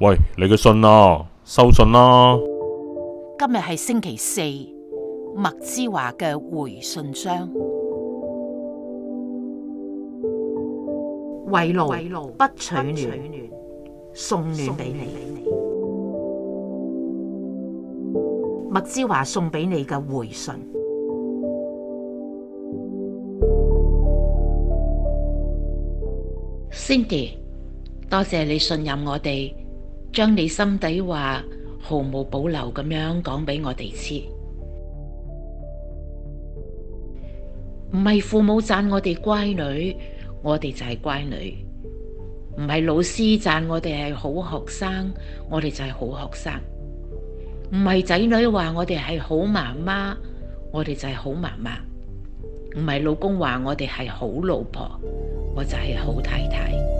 喂，你嘅信啦、啊，收信啦、啊。今日係星期四，麥之華嘅回信箱，慰勞不，不取暖，送暖俾你，你。麥之華送俾你嘅回信，Cindy，多謝你信任我哋。將你心底話毫無保留咁樣講俾我哋知，唔係父母讚我哋乖女，我哋就係乖女；唔係老師讚我哋係好學生，我哋就係好學生；唔係仔女話我哋係好媽媽，我哋就係好媽媽；唔係老公話我哋係好老婆，我就係好太太。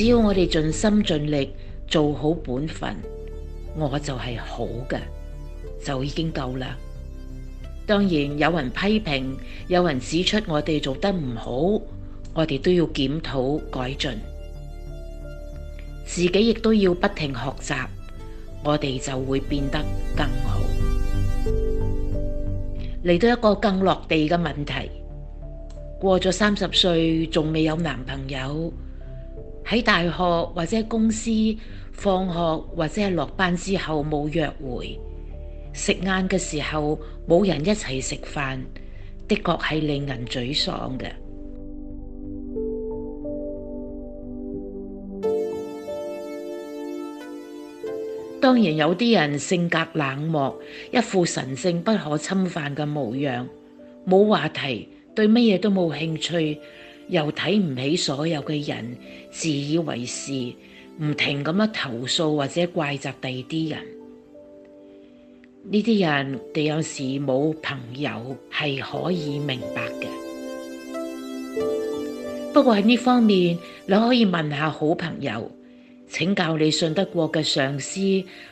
只要我哋盡心盡力做好本分，我就係好嘅，就已經夠啦。當然有人批評，有人指出我哋做得唔好，我哋都要檢討改進，自己亦都要不停學習，我哋就會變得更好。嚟到一個更落地嘅問題，過咗三十歲仲未有男朋友。喺大學或者公司放學或者落班之後冇約會，食晏嘅時候冇人一齊食飯，的確係令人沮喪嘅。當然有啲人性格冷漠，一副神聖不可侵犯嘅模樣，冇話題，對乜嘢都冇興趣。又睇唔起所有嘅人，自以為是，唔停噉樣投訴或者怪責第啲人。呢啲人哋有時冇朋友係可以明白嘅。不過喺呢方面，你可以問下好朋友，請教你信得過嘅上司、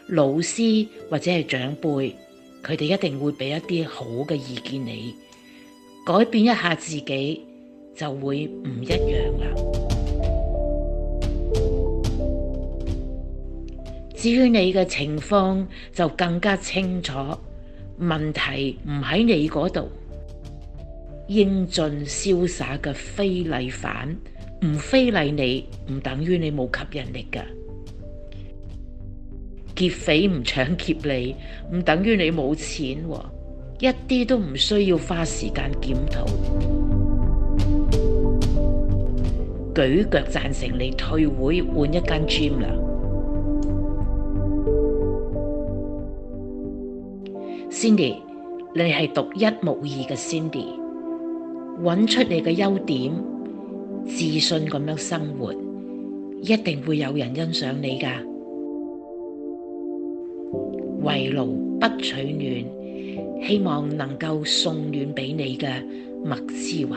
老師或者係長輩，佢哋一定會俾一啲好嘅意見你，改變一下自己。就會唔一樣啦。至於你嘅情況就更加清楚，問題唔喺你嗰度。英俊瀟灑嘅非禮犯唔非禮你，唔等於你冇吸引力噶。劫匪唔搶劫你，唔等於你冇錢喎，一啲都唔需要花時間檢討。舉腳贊成你退會換一間 gym 啦，Cindy，你係獨一無二嘅 Cindy，揾出你嘅優點，自信咁樣生活，一定會有人欣賞你噶。為勞不取暖，希望能夠送暖俾你嘅麥之華。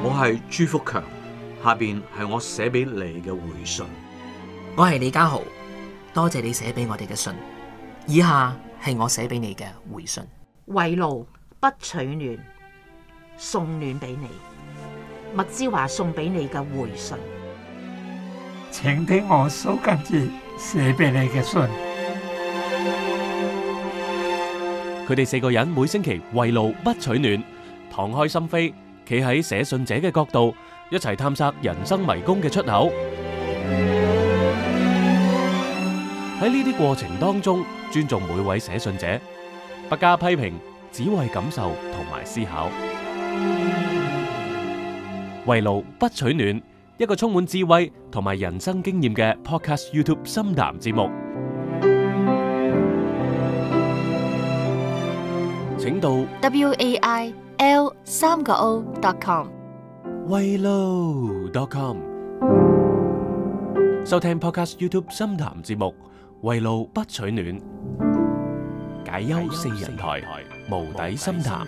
我係朱福強，下邊係我寫俾你嘅回信。我係李家豪，多謝你寫俾我哋嘅信，以下係我寫俾你嘅回信。為奴不取暖。送暖俾你，麥之華送俾你嘅回信，請聽我蘇緊住寫俾你嘅信。佢哋四個人每星期為路不取暖，敞開心扉，企喺寫信者嘅角度，一齊探索人生迷宮嘅出口。喺呢啲過程當中，尊重每位寫信者，不加批評，只為感受同埋思考。為奴不取暖，一個充滿智慧同埋人生經驗嘅 Podcast YouTube 深談節目，請到 wail 三個 o.com 為奴 .com 收聽 Podcast YouTube 深談節目，為奴不取暖，解憂四人台，無底深談。